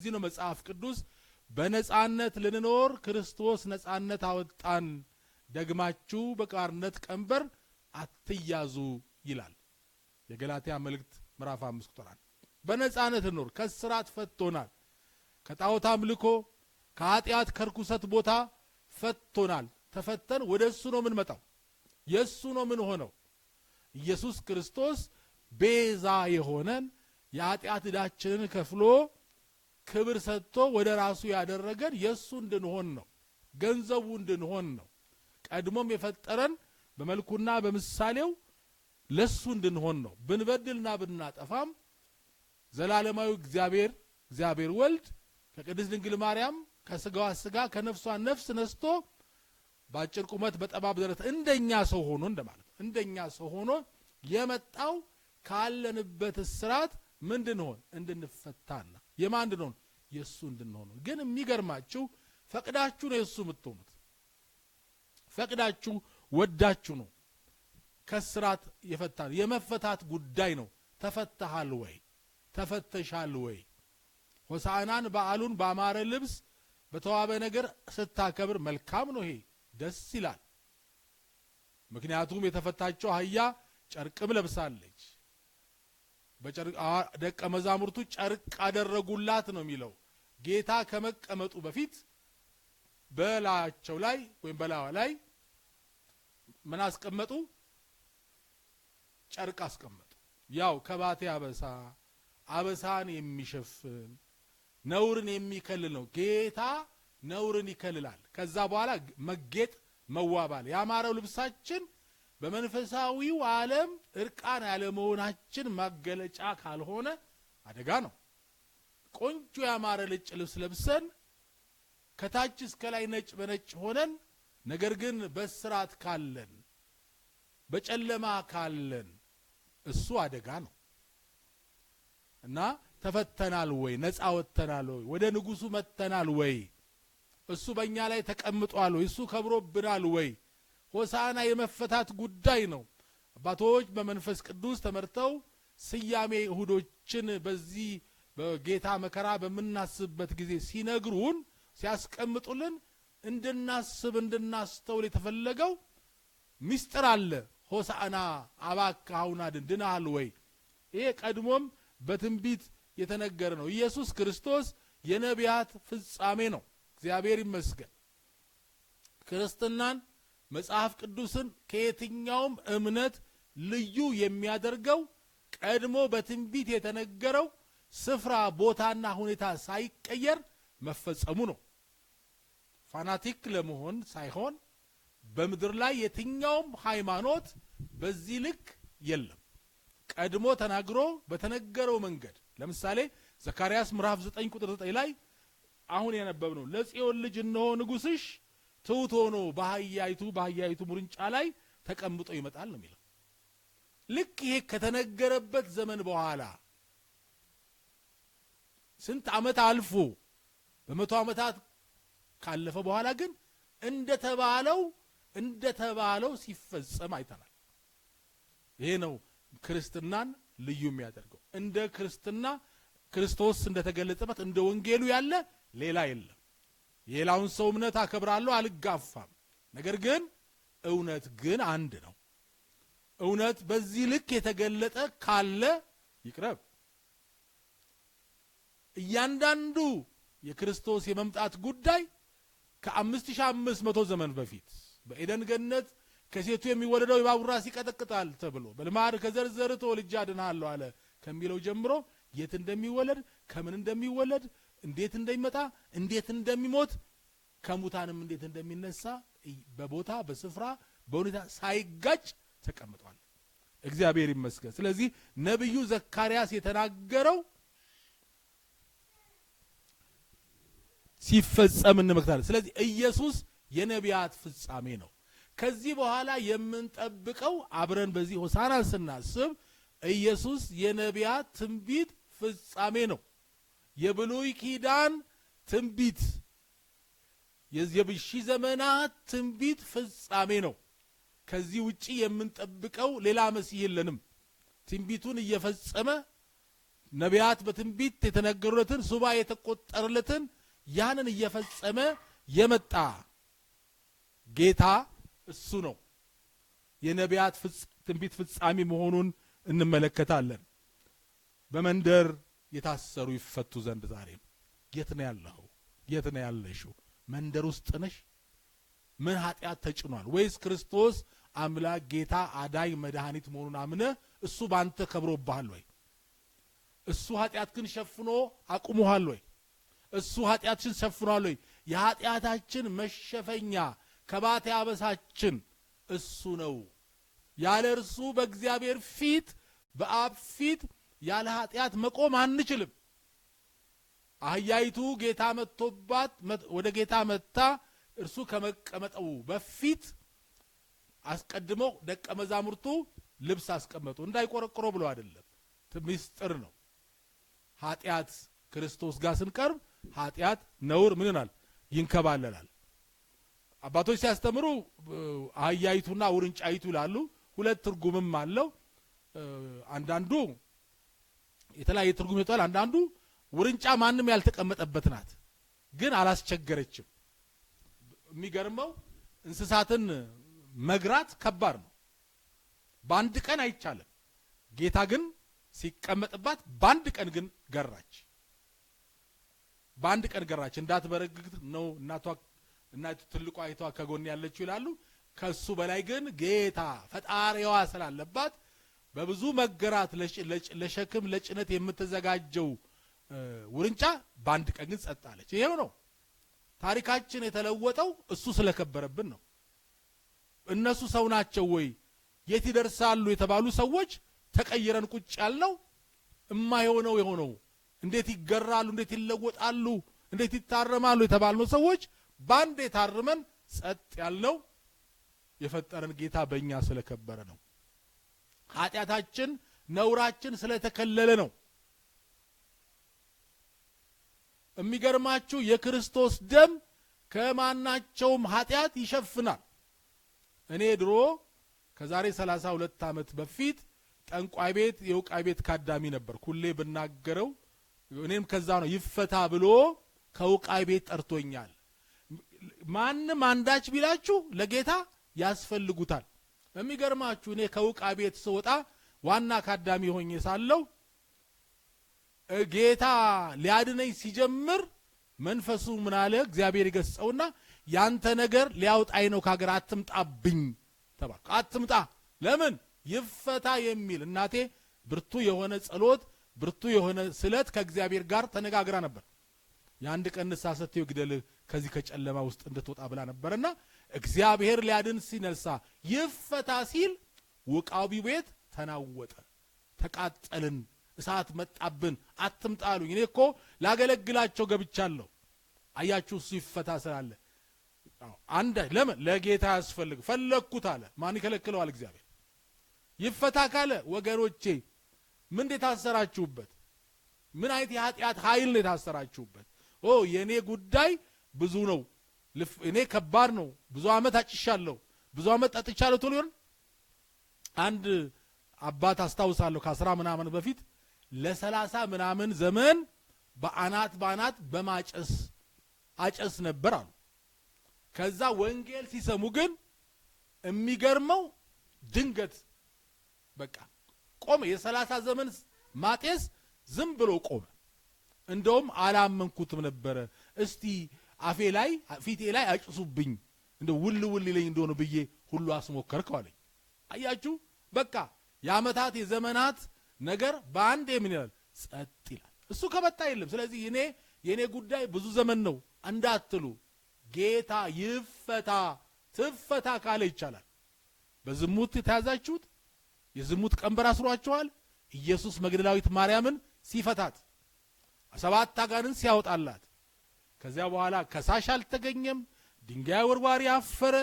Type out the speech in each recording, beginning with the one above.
እዚህ ነው መጽሐፍ ቅዱስ በነጻነት ልንኖር ክርስቶስ ነጻነት አወጣን፣ ደግማችሁ በቃርነት ቀንበር አትያዙ ይላል። የገላትያ መልእክት ምዕራፍ አምስት ቁጥር አንድ በነጻነት ልኖር ከስራት ፈቶናል። ከጣዖት አምልኮ ከኃጢአት ከርኩሰት ቦታ ፈቶናል። ተፈተን ወደ እሱ ነው የምንመጣው። የእሱ ነው ምን ሆነው ኢየሱስ ክርስቶስ ቤዛ የሆነን የኃጢአት ዕዳችንን ከፍሎ ክብር ሰጥቶ ወደ ራሱ ያደረገን የእሱ እንድንሆን ነው። ገንዘቡ እንድንሆን ነው። ቀድሞም የፈጠረን በመልኩና በምሳሌው ለሱ እንድንሆን ነው። ብንበድልና ብናጠፋም ዘላለማዊ እግዚአብሔር እግዚአብሔር ወልድ ከቅድስት ድንግል ማርያም ከስጋዋ ስጋ ከነፍሷ ነፍስ ነስቶ በአጭር ቁመት በጠባብ ደረት እንደኛ ሰው ሆኖ እንደማለት እንደኛ ሰው ሆኖ የመጣው ካለንበት እስራት ምንድንሆን እንድንፈታ የማን እንድንሆን የእሱ እንድንሆኑ። ግን የሚገርማችሁ ፈቅዳችሁ ነው የእሱ የምትሆኑት። ፈቅዳችሁ ወዳችሁ ነው ከስራት የፈታ የመፈታት ጉዳይ ነው። ተፈተሃል ወይ ተፈተሻል ወይ? ሆሳዕናን በዓሉን በአማረ ልብስ በተዋበ ነገር ስታከብር መልካም ነው። ይሄ ደስ ይላል። ምክንያቱም የተፈታቸው አህያ ጨርቅም ለብሳለች። ደቀ መዛሙርቱ ጨርቅ አደረጉላት ነው የሚለው። ጌታ ከመቀመጡ በፊት በላያቸው ላይ ወይም በላዋ ላይ ምን አስቀመጡ? ጨርቅ አስቀመጡ። ያው ከባቴ አበሳ አበሳን የሚሸፍን ነውርን የሚከልል ነው። ጌታ ነውርን ይከልላል። ከዛ በኋላ መጌጥ መዋባል ያማረው ልብሳችን በመንፈሳዊው ዓለም እርቃን ያለመሆናችን ማገለጫ ካልሆነ አደጋ ነው። ቆንጆ ያማረ ነጭ ልብስ ለብሰን ከታች እስከ ላይ ነጭ በነጭ ሆነን ነገር ግን በስራት ካለን በጨለማ ካለን እሱ አደጋ ነው እና ተፈተናል ወይ? ነፃ ወጥተናል ወይ? ወደ ንጉሱ መጥተናል ወይ? እሱ በእኛ ላይ ተቀምጧል ወይ? እሱ ከብሮብናል ወይ? ሆሳና የመፈታት ጉዳይ ነው። አባቶች በመንፈስ ቅዱስ ተመርተው ስያሜ እሁዶችን በዚህ በጌታ መከራ በምናስብበት ጊዜ ሲነግሩን ሲያስቀምጡልን እንድናስብ እንድናስተውል የተፈለገው ምስጢር አለ። ሆሳዕና አባከ ኀቡና ወይ? ይሄ ቀድሞም በትንቢት የተነገረ ነው። ኢየሱስ ክርስቶስ የነቢያት ፍጻሜ ነው። እግዚአብሔር ይመስገን ክርስትናን መጽሐፍ ቅዱስን ከየትኛውም እምነት ልዩ የሚያደርገው ቀድሞ በትንቢት የተነገረው ስፍራ ቦታና ሁኔታ ሳይቀየር መፈጸሙ ነው። ፋናቲክ ለመሆን ሳይሆን በምድር ላይ የትኛውም ሃይማኖት በዚህ ልክ የለም። ቀድሞ ተናግሮ በተነገረው መንገድ ለምሳሌ ዘካርያስ ምዕራፍ 9 ቁጥር 9 ላይ አሁን ያነበብነው ለጽዮን ልጅ እነሆ ንጉሥሽ ትሑት ሆኖ በአህያይቱ በአህያይቱ ሙርንጫ ላይ ተቀምጦ ይመጣል ነው የሚለው። ልክ ይሄ ከተነገረበት ዘመን በኋላ ስንት ዓመት አልፎ በመቶ ዓመታት ካለፈ በኋላ ግን እንደተባለው እንደተባለው ሲፈጸም አይተናል። ይሄ ነው ክርስትናን ልዩ የሚያደርገው። እንደ ክርስትና ክርስቶስ እንደተገለጸበት እንደ ወንጌሉ ያለ ሌላ የለም። የሌላውን ሰው እምነት አከብራለሁ፣ አልጋፋም። ነገር ግን እውነት ግን አንድ ነው። እውነት በዚህ ልክ የተገለጠ ካለ ይቅረብ። እያንዳንዱ የክርስቶስ የመምጣት ጉዳይ ከ5500 ዘመን በፊት በኤደን ገነት ከሴቱ የሚወለደው የእባቡ ራስ ይቀጠቅጣል ተብሎ በልማድ ከዘርዘር ተወልጄ አድንሃለሁ አለ ከሚለው ጀምሮ የት እንደሚወለድ ከምን እንደሚወለድ እንዴት እንደሚመጣ እንዴት እንደሚሞት ከሙታንም እንዴት እንደሚነሳ በቦታ በስፍራ በሁኔታ ሳይጋጭ ተቀምጧል። እግዚአብሔር ይመስገን። ስለዚህ ነቢዩ ዘካርያስ የተናገረው ሲፈጸም እንመክታለን። ስለዚህ ኢየሱስ የነቢያት ፍጻሜ ነው። ከዚህ በኋላ የምንጠብቀው አብረን በዚህ ሆሳናን ስናስብ ኢየሱስ የነቢያት ትንቢት ፍጻሜ ነው። የብሉይ ኪዳን ትንቢት የብሺ ዘመናት ትንቢት ፍጻሜ ነው። ከዚህ ውጪ የምንጠብቀው ሌላ መሲህ የለንም። ትንቢቱን እየፈጸመ ነቢያት በትንቢት የተነገሩለትን ሱባ የተቆጠረለትን ያንን እየፈጸመ የመጣ ጌታ እሱ ነው። የነቢያት ትንቢት ፍጻሜ መሆኑን እንመለከታለን። በመንደር የታሰሩ ይፈቱ ዘንድ ዛሬም የት ነው ያለኸው? የት ነው ያለሽው? መንደር ውስጥ ነሽ? ምን ኃጢአት ተጭኗል? ወይስ ክርስቶስ አምላክ ጌታ አዳኝ መድኃኒት መሆኑን አምነ እሱ በአንተ ከብሮብሃል ወይ? እሱ ኃጢአት ግን ሸፍኖ አቁሙሃል ወይ? እሱ ኃጢአትሽን ሸፍኗል ወይ? የኃጢአታችን መሸፈኛ ከባቴ አበሳችን እሱ ነው። ያለ እርሱ በእግዚአብሔር ፊት በአብ ፊት ያለ ኃጢአት መቆም አንችልም። አህያይቱ ጌታ መጥቶባት ወደ ጌታ መጥታ እርሱ ከመቀመጠው በፊት አስቀድሞ ደቀ መዛሙርቱ ልብስ አስቀመጡ። እንዳይቆረቆሮ ብሎ አይደለም፣ ምስጢር ነው። ኃጢአት ክርስቶስ ጋር ስንቀርብ ኃጢአት ነውር ምን ይሆናል? ይንከባለላል። አባቶች ሲያስተምሩ አህያይቱና ውርንጫይቱ ይላሉ። ሁለት ትርጉምም አለው። አንዳንዱ የተለያየ ትርጉም ይወጣል። አንዳንዱ ውርንጫ ማንም ያልተቀመጠበት ናት፣ ግን አላስቸገረችም። የሚገርመው እንስሳትን መግራት ከባድ ነው። በአንድ ቀን አይቻልም። ጌታ ግን ሲቀመጥባት በአንድ ቀን ግን ገራች። በአንድ ቀን ገራች። እንዳትበረግግ ነው እናቷ እናቱ ትልቋ አይቷ ከጎን ያለችው ይላሉ። ከሱ በላይ ግን ጌታ ፈጣሪዋ ስላለባት በብዙ መገራት ለሸክም ለጭነት የምትዘጋጀው ውርንጫ በአንድ ቀን ግን ጸጥ አለች። ይሄው ነው ታሪካችን የተለወጠው፣ እሱ ስለከበረብን ነው። እነሱ ሰው ናቸው ወይ የት ይደርሳሉ የተባሉ ሰዎች ተቀይረን ቁጭ ያልነው እማይሆነው የሆነው እንዴት ይገራሉ፣ እንዴት ይለወጣሉ፣ እንዴት ይታረማሉ የተባልነው ሰዎች በአንድ የታርመን ጸጥ ያልነው የፈጠረን ጌታ በእኛ ስለከበረ ነው። ኃጢአታችን ነውራችን ስለተከለለ ነው። የሚገርማችሁ የክርስቶስ ደም ከማናቸውም ኃጢአት ይሸፍናል። እኔ ድሮ ከዛሬ ሰላሳ ሁለት ዓመት በፊት ጠንቋይ ቤት የውቃይ ቤት ካዳሚ ነበር። ሁሌ ብናገረው እኔም ከዛ ነው ይፈታ ብሎ ከውቃይ ቤት ጠርቶኛል። ማንም አንዳች ቢላችሁ ለጌታ ያስፈልጉታል። የሚገርማችሁ እኔ ከውቃ ቤት ስወጣ ዋና ካዳሚ ሆኝ ሳለሁ ጌታ ሊያድነኝ ሲጀምር መንፈሱ ምን አለ? እግዚአብሔር ይገስጸውና ያንተ ነገር ሊያውጣኝ ነው ከሀገር አትምጣብኝ ተባልኩ። አትምጣ ለምን ይፈታ የሚል እናቴ ብርቱ የሆነ ጸሎት፣ ብርቱ የሆነ ስለት ከእግዚአብሔር ጋር ተነጋግራ ነበር። የአንድ ቀን ንሳ ሰጥተው ግደልህ ከዚህ ከጨለማ ውስጥ እንድትወጣ ብላ ነበርና እግዚአብሔር ሊያድን ሲነሳ ይፈታ ሲል ውቃቢ ቤት ተናወጠ። ተቃጠልን፣ እሳት መጣብን፣ አትምጣሉኝ። እኔ እኮ ላገለግላቸው ገብቻለሁ። አያችሁ፣ እሱ ይፈታ ስላለ አንድ ለምን ለጌታ ያስፈልግ ፈለግኩት አለ። ማን ይከለክለዋል? እግዚአብሔር ይፈታ ካለ ወገኖቼ፣ ምን የታሰራችሁበት? ምን አይነት የኃጢአት ኃይል ነው የታሰራችሁበት? ኦ የእኔ ጉዳይ ብዙ ነው እኔ ከባድ ነው፣ ብዙ አመት አጭሻለሁ፣ ብዙ አመት ጠጥቻለሁ ቶሎ ይሆን? አንድ አባት አስታውሳለሁ ከአስራ ምናምን በፊት ለሰላሳ ምናምን ዘመን በአናት በአናት በማጨስ አጨስ ነበር አሉ። ከዛ ወንጌል ሲሰሙ ግን የሚገርመው ድንገት በቃ ቆመ። የሰላሳ ዘመን ማጤስ ዝም ብሎ ቆመ። እንደውም አላመንኩትም ነበረ እስቲ አፌ ላይ ፊቴ ላይ አጭሱብኝ እንደ ውል ውል ይለኝ እንደሆነ ብዬ ሁሉ አስሞከርከው አለኝ። አያችሁ በቃ የአመታት የዘመናት ነገር በአንድ ምን ይላል ጸጥ ይላል። እሱ ከመጣ የለም። ስለዚህ እኔ የእኔ ጉዳይ ብዙ ዘመን ነው እንዳትሉ፣ ጌታ ይፈታ ትፈታ ካለ ይቻላል። በዝሙት የተያዛችሁት የዝሙት ቀንበር አስሯችኋል። ኢየሱስ መግደላዊት ማርያምን ሲፈታት ሰባት አጋንንት ሲያወጣላት ከዚያ በኋላ ከሳሽ አልተገኘም። ድንጋይ ወርዋሪ አፈረ።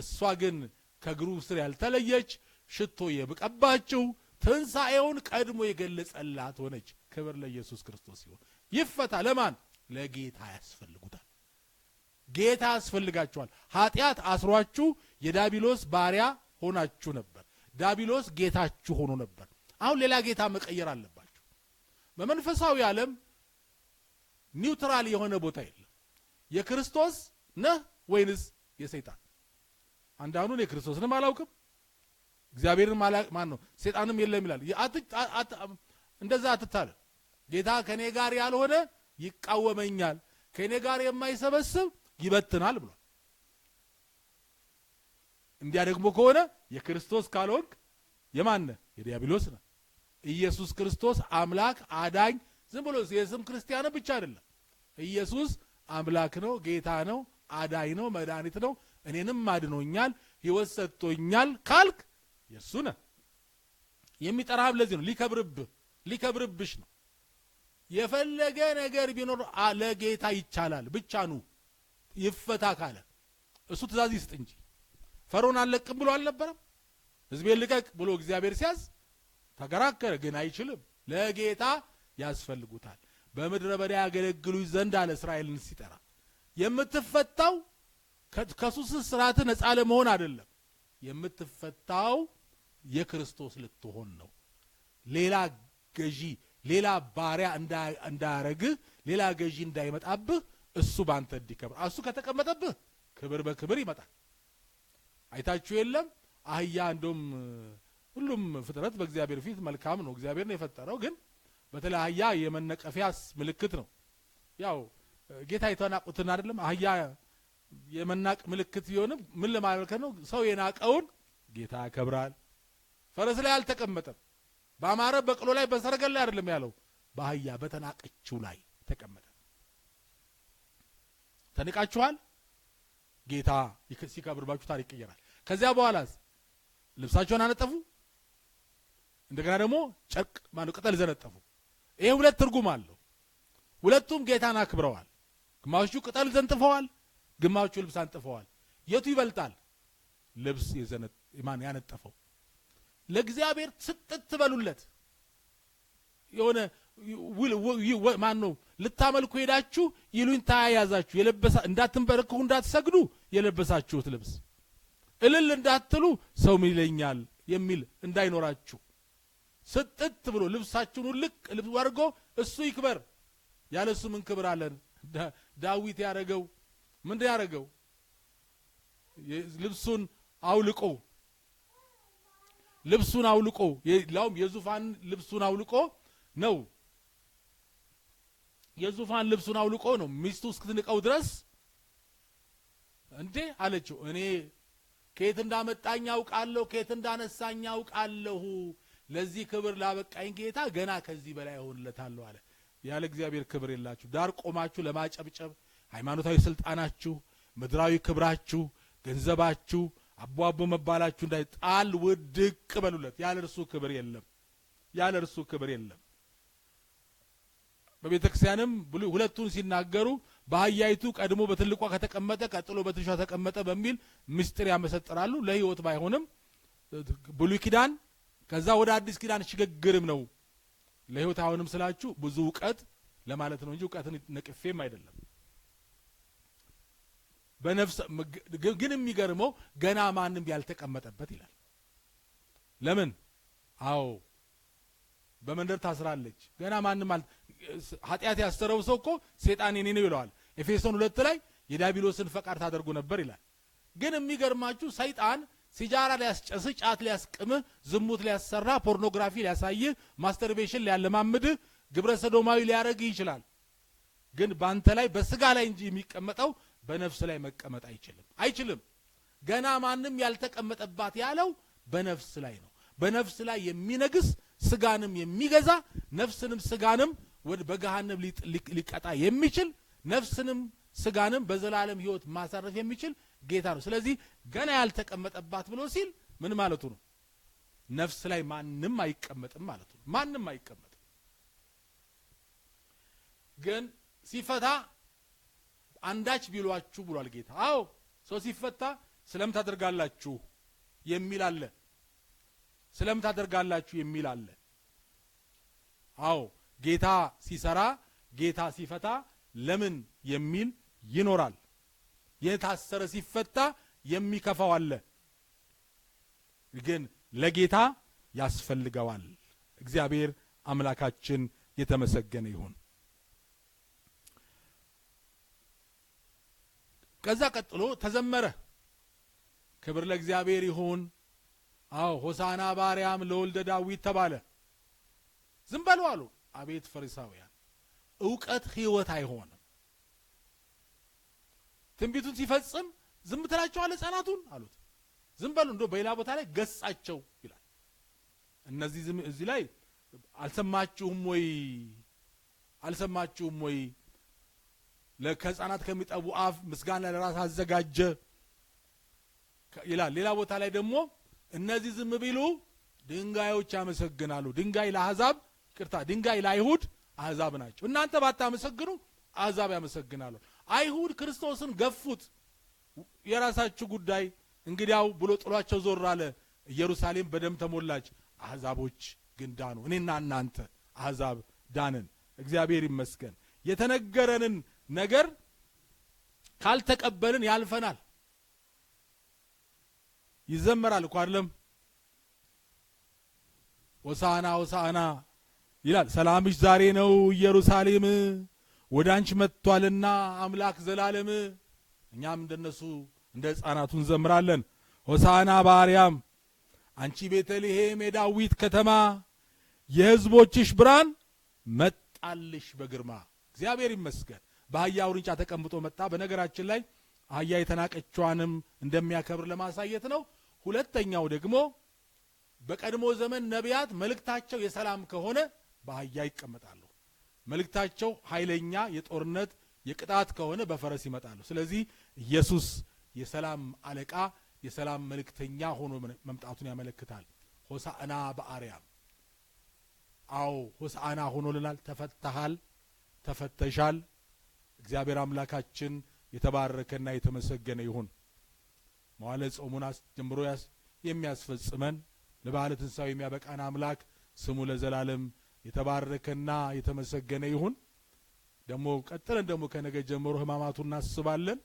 እሷ ግን ከእግሩ ስር ያልተለየች ሽቶ የብቀባችው ትንሣኤውን ቀድሞ የገለጸላት ሆነች። ክብር ለኢየሱስ ክርስቶስ ሲሆን ይፈታ ለማን ለጌታ ያስፈልጉታል። ጌታ ያስፈልጋችኋል። ኃጢአት አስሯችሁ የዳቢሎስ ባሪያ ሆናችሁ ነበር። ዳቢሎስ ጌታችሁ ሆኖ ነበር። አሁን ሌላ ጌታ መቀየር አለባችሁ። በመንፈሳዊ ዓለም ኒውትራል የሆነ ቦታ የለም። የክርስቶስ ነህ ወይንስ የሰይጣን? አንዳንዱን የክርስቶስንም አላውቅም እግዚአብሔርን ማን ነው ሰይጣንም የለም ይላል። እንደዛ አትታለ። ጌታ ከእኔ ጋር ያልሆነ ይቃወመኛል፣ ከእኔ ጋር የማይሰበስብ ይበትናል ብሏል። እንዲያ ደግሞ ከሆነ የክርስቶስ ካልሆንክ የማን ነህ? የዲያብሎስ ነህ። ኢየሱስ ክርስቶስ አምላክ አዳኝ ዝም ብሎ የስም ክርስቲያን ብቻ አይደለም። ኢየሱስ አምላክ ነው፣ ጌታ ነው፣ አዳኝ ነው፣ መድኃኒት ነው፣ እኔንም አድኖኛል፣ ሕይወት ሰጥቶኛል ካልክ የእሱ ነ የሚጠራህም ለዚህ ነው። ሊከብርብህ ሊከብርብሽ ነው። የፈለገ ነገር ቢኖር ለጌታ ይቻላል ብቻ ኑ ይፈታ ካለ እሱ ትእዛዝ ይስጥ እንጂ ፈርዖን አለቅም ብሎ አልነበረም። ህዝቤን ልቀቅ ብሎ እግዚአብሔር ሲያዝ ተከራከረ፣ ግን አይችልም ለጌታ ያስፈልጉታል። በምድረ በዳ ያገለግሉ ዘንድ አለ እስራኤልን ሲጠራ። የምትፈታው ከሱስ ስርዓት ነጻ ለመሆን አይደለም። የምትፈታው የክርስቶስ ልትሆን ነው። ሌላ ገዢ፣ ሌላ ባሪያ እንዳያረግህ፣ ሌላ ገዢ እንዳይመጣብህ፣ እሱ በአንተ እንዲከብር። እሱ ከተቀመጠብህ ክብር በክብር ይመጣል። አይታችሁ የለም አህያ እንደውም ሁሉም ፍጥረት በእግዚአብሔር ፊት መልካም ነው። እግዚአብሔር ነው የፈጠረው ግን በተለይ አህያ የመነቀፊያስ ምልክት ነው። ያው ጌታ የተናቁትን አይደለም አህያ የመናቅ ምልክት ቢሆንም ምን ለማመልከት ነው? ሰው የናቀውን ጌታ ያከብራል። ፈረስ ላይ አልተቀመጠም። በአማረ በቅሎ ላይ በሰረገል ላይ አይደለም ያለው፣ በአህያ በተናቀችው ላይ ተቀመጠ። ተንቃችኋል። ጌታ ሲከብርባችሁ ታሪክ ይቀየራል። ከዚያ በኋላስ ልብሳቸውን አነጠፉ። እንደገና ደግሞ ጨርቅ ማነው ቅጠል ዘነጠፉ። ይሄ ሁለት ትርጉም አለው። ሁለቱም ጌታን አክብረዋል። ግማሾቹ ቅጠል ዘንጥፈዋል፣ ግማሾቹ ልብስ አንጥፈዋል። የቱ ይበልጣል? ልብስ ማን ያነጠፈው? ለእግዚአብሔር ስጥት በሉለት። የሆነ ማን ነው ልታመልኩ ሄዳችሁ ይሉኝታ ያዛችሁ እንዳትንበረክኩ እንዳትሰግዱ የለበሳችሁት ልብስ እልል እንዳትሉ ሰው ይለኛል የሚል እንዳይኖራችሁ ስጥት ብሎ ልብሳችሁን ልቅ ልብስ አድርጎ እሱ ይክበር። ያለ እሱ ምን ክብር አለን? ዳዊት ያረገው ምንድን ያደረገው? ልብሱን አውልቆ ልብሱን አውልቆ ላውም የዙፋን ልብሱን አውልቆ ነው። የዙፋን ልብሱን አውልቆ ነው። ሚስቱ እስክትንቀው ድረስ እንዴ አለችው። እኔ ከየት እንዳመጣኝ አውቃለሁ፣ ከየት እንዳነሳኝ አውቃለሁ ለዚህ ክብር ላበቃኝ ጌታ ገና ከዚህ በላይ እሆንለታለሁ አለ። ያለ እግዚአብሔር ክብር የላችሁ። ዳር ቆማችሁ ለማጨብጨብ ሃይማኖታዊ ስልጣናችሁ፣ ምድራዊ ክብራችሁ፣ ገንዘባችሁ፣ አቦአቦ መባላችሁ እንዳይጣል ውድቅ በሉለት። ያለ እርሱ ክብር የለም። ያለ እርሱ ክብር የለም። በቤተ ክርስቲያንም ሁለቱን ሲናገሩ በአህያይቱ ቀድሞ በትልቋ ከተቀመጠ ቀጥሎ በትንሿ ተቀመጠ በሚል ምስጢር ያመሰጥራሉ። ለህይወት ባይሆንም ብሉይ ኪዳን ከዛ ወደ አዲስ ኪዳን ሽግግርም ነው። ለህይወት አሁንም ስላችሁ ብዙ እውቀት ለማለት ነው እንጂ እውቀትን ነቅፌም አይደለም። በነፍስ ግን የሚገርመው ገና ማንም ያልተቀመጠበት ይላል። ለምን? አዎ በመንደር ታስራለች። ገና ማንም ኃጢአት ያሰረው ሰው እኮ ሴጣን የኔ ነው ይለዋል። ኤፌሶን ሁለት ላይ የዳቢሎስን ፈቃድ ታደርጉ ነበር ይላል። ግን የሚገርማችሁ ሰይጣን ሲጃራ ሊያስጨስ ጫት ሊያስቅም ዝሙት ሊያሰራ፣ ፖርኖግራፊ ሊያሳይ፣ ማስተርቤሽን ሊያለማምድ፣ ግብረ ሰዶማዊ ሊያደርግህ ይችላል። ግን በአንተ ላይ በስጋ ላይ እንጂ የሚቀመጠው በነፍስ ላይ መቀመጥ አይችልም አይችልም። ገና ማንም ያልተቀመጠባት ያለው በነፍስ ላይ ነው። በነፍስ ላይ የሚነግስ ስጋንም የሚገዛ ነፍስንም ስጋንም ወደ በገሃነም ሊቀጣ የሚችል ነፍስንም ስጋንም በዘላለም ሕይወት ማሳረፍ የሚችል ጌታ ነው። ስለዚህ ገና ያልተቀመጠባት ብሎ ሲል ምን ማለቱ ነው? ነፍስ ላይ ማንም አይቀመጥም ማለት ነው። ማንም አይቀመጥም። ግን ሲፈታ አንዳች ቢሏችሁ ብሏል ጌታ። አዎ ሰው ሲፈታ ስለም ታደርጋላችሁ የሚል አለ። ስለም ታደርጋላችሁ የሚል አለ። አዎ ጌታ ሲሰራ፣ ጌታ ሲፈታ ለምን የሚል ይኖራል። የታሰረ ሲፈታ የሚከፋው አለ፣ ግን ለጌታ ያስፈልገዋል። እግዚአብሔር አምላካችን የተመሰገነ ይሁን። ከዛ ቀጥሎ ተዘመረ። ክብር ለእግዚአብሔር ይሁን። አዎ ሆሳና ባርያም ለወልደ ዳዊት ተባለ። ዝም በሉ አሉ። አቤት ፈሪሳውያን፣ እውቀት ህይወት አይሆንም። ትንቢቱን ሲፈጽም ዝም ትላቸዋለህ ህጻናቱን አሉት። ዝም በሉ እንዶ በሌላ ቦታ ላይ ገጻቸው ይላል። እነዚህ ዝም እዚህ ላይ አልሰማችሁም ወይ አልሰማችሁም ወይ ከህጻናት ከሚጠቡ አፍ ምስጋና ለራስ አዘጋጀ ይላል። ሌላ ቦታ ላይ ደግሞ እነዚህ ዝም ቢሉ ድንጋዮች ያመሰግናሉ። ድንጋይ ለአሕዛብ ቅርታ ድንጋይ ለአይሁድ አሕዛብ ናቸው። እናንተ ባታመሰግኑ አሕዛብ ያመሰግናሉ። አይሁድ ክርስቶስን ገፉት። የራሳችሁ ጉዳይ እንግዲያው ብሎ ጥሏቸው ዞር አለ። ኢየሩሳሌም በደም ተሞላች፣ አሕዛቦች ግን ዳኑ። እኔና እናንተ አሕዛብ ዳንን። እግዚአብሔር ይመስገን። የተነገረንን ነገር ካልተቀበልን ያልፈናል። ይዘመራል እኮ አይደለም። ሆሳና ሆሳና ይላል። ሰላምሽ ዛሬ ነው ኢየሩሳሌም ወደ አንቺ መጥቷልና አምላክ ዘላለም። እኛም እንደነሱ እንደ ሕፃናቱ እንዘምራለን። ሆሳና በአርያም አንቺ ቤተልሔም የዳዊት ከተማ የሕዝቦችሽ ብርሃን መጣልሽ በግርማ። እግዚአብሔር ይመስገን በአህያ ውርንጫ ተቀምጦ መጣ። በነገራችን ላይ አህያ የተናቀቿንም እንደሚያከብር ለማሳየት ነው። ሁለተኛው ደግሞ በቀድሞ ዘመን ነቢያት መልእክታቸው የሰላም ከሆነ በአህያ ይቀመጣሉ። መልእክታቸው ኃይለኛ የጦርነት የቅጣት ከሆነ በፈረስ ይመጣሉ። ስለዚህ ኢየሱስ የሰላም አለቃ የሰላም መልእክተኛ ሆኖ መምጣቱን ያመለክታል። ሆሳዕና በአርያም አዎ ሆሳዕና ሆኖልናል። ተፈተሃል፣ ተፈተሻል። እግዚአብሔር አምላካችን የተባረከና የተመሰገነ ይሁን። መዋለ ጾሙን አስጀምሮ የሚያስፈጽመን ለበዓለ ትንሣኤው የሚያበቃን አምላክ ስሙ ለዘላለም የተባረከና የተመሰገነ ይሁን። ደግሞ ቀጥለን ደግሞ ከነገ ጀምሮ ህማማቱን እናስባለን።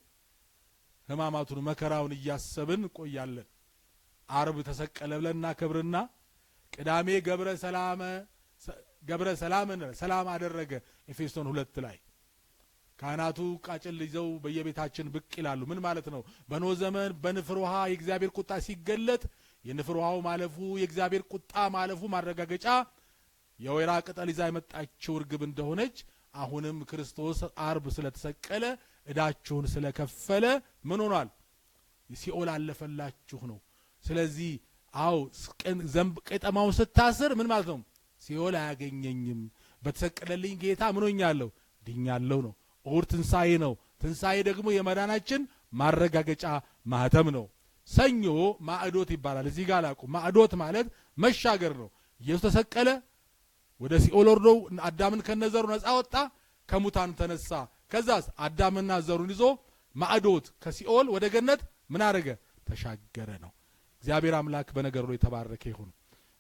ህማማቱን መከራውን እያሰብን ቆያለን። አርብ ተሰቀለ ብለን እናከብርና ቅዳሜ ገብረ ሰላመ ገብረ ሰላምን ሰላም አደረገ ኤፌሶን ሁለት ላይ ካህናቱ ቃጭል ይዘው በየቤታችን ብቅ ይላሉ። ምን ማለት ነው? በኖ ዘመን በንፍር ውሃ የእግዚአብሔር ቁጣ ሲገለጥ የንፍር ውሃው ማለፉ የእግዚአብሔር ቁጣ ማለፉ ማረጋገጫ የወይራ ቅጠል ይዛ የመጣችው እርግብ እንደሆነች አሁንም ክርስቶስ አርብ ስለተሰቀለ እዳችሁን ስለከፈለ ምን ሆኗል? ሲኦል አለፈላችሁ ነው። ስለዚህ አው ዘንብ ቀጠማውን ስታስር ምን ማለት ነው? ሲኦል አያገኘኝም፣ በተሰቀለልኝ ጌታ ምኖኛለሁ፣ ድኛለሁ ነው። እሑድ ትንሣኤ ነው። ትንሣኤ ደግሞ የመዳናችን ማረጋገጫ ማህተም ነው። ሰኞ ማዕዶት ይባላል። እዚህ ጋር ላቁ። ማዕዶት ማለት መሻገር ነው። ኢየሱስ ተሰቀለ ወደ ሲኦል ወርዶ አዳምን ከነዘሩ ነፃ ወጣ፣ ከሙታን ተነሳ። ከዛስ አዳምና ዘሩን ይዞ ማዕዶት ከሲኦል ወደ ገነት ምን አረገ? ተሻገረ ነው። እግዚአብሔር አምላክ በነገሩ ላይ የተባረከ ይሁን።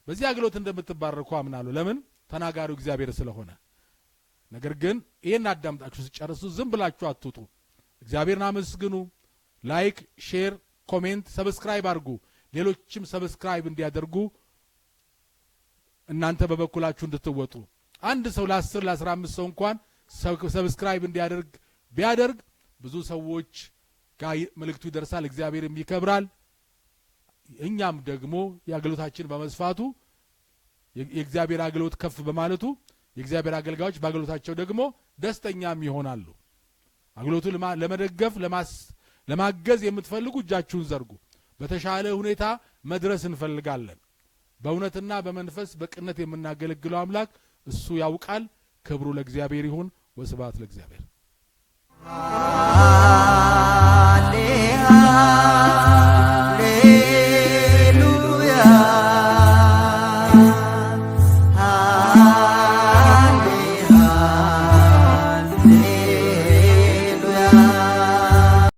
በዚህ አገልግሎት እንደምትባረኩ አምናለሁ። ለምን? ተናጋሪው እግዚአብሔር ስለሆነ። ነገር ግን ይህን አዳምጣችሁ ሲጨርሱ ዝም ብላችሁ አትውጡ። እግዚአብሔርን አመስግኑ። ላይክ፣ ሼር፣ ኮሜንት፣ ሰብስክራይብ አድርጉ። ሌሎችም ሰብስክራይብ እንዲያደርጉ እናንተ በበኩላችሁ እንድትወጡ አንድ ሰው ለአስር ለአስራ አምስት ሰው እንኳን ሰብስክራይብ እንዲያደርግ ቢያደርግ ብዙ ሰዎች ጋር መልእክቱ ይደርሳል፣ እግዚአብሔርም ይከብራል። እኛም ደግሞ የአገልግሎታችን በመስፋቱ የእግዚአብሔር አገልግሎት ከፍ በማለቱ የእግዚአብሔር አገልጋዮች በአገልግሎታቸው ደግሞ ደስተኛም ይሆናሉ። አገልግሎቱ ለመደገፍ ለማገዝ የምትፈልጉ እጃችሁን ዘርጉ። በተሻለ ሁኔታ መድረስ እንፈልጋለን። በእውነትና በመንፈስ በቅነት የምናገለግለው አምላክ እሱ ያውቃል። ክብሩ ለእግዚአብሔር ይሁን። ወስብሐት ለእግዚአብሔር።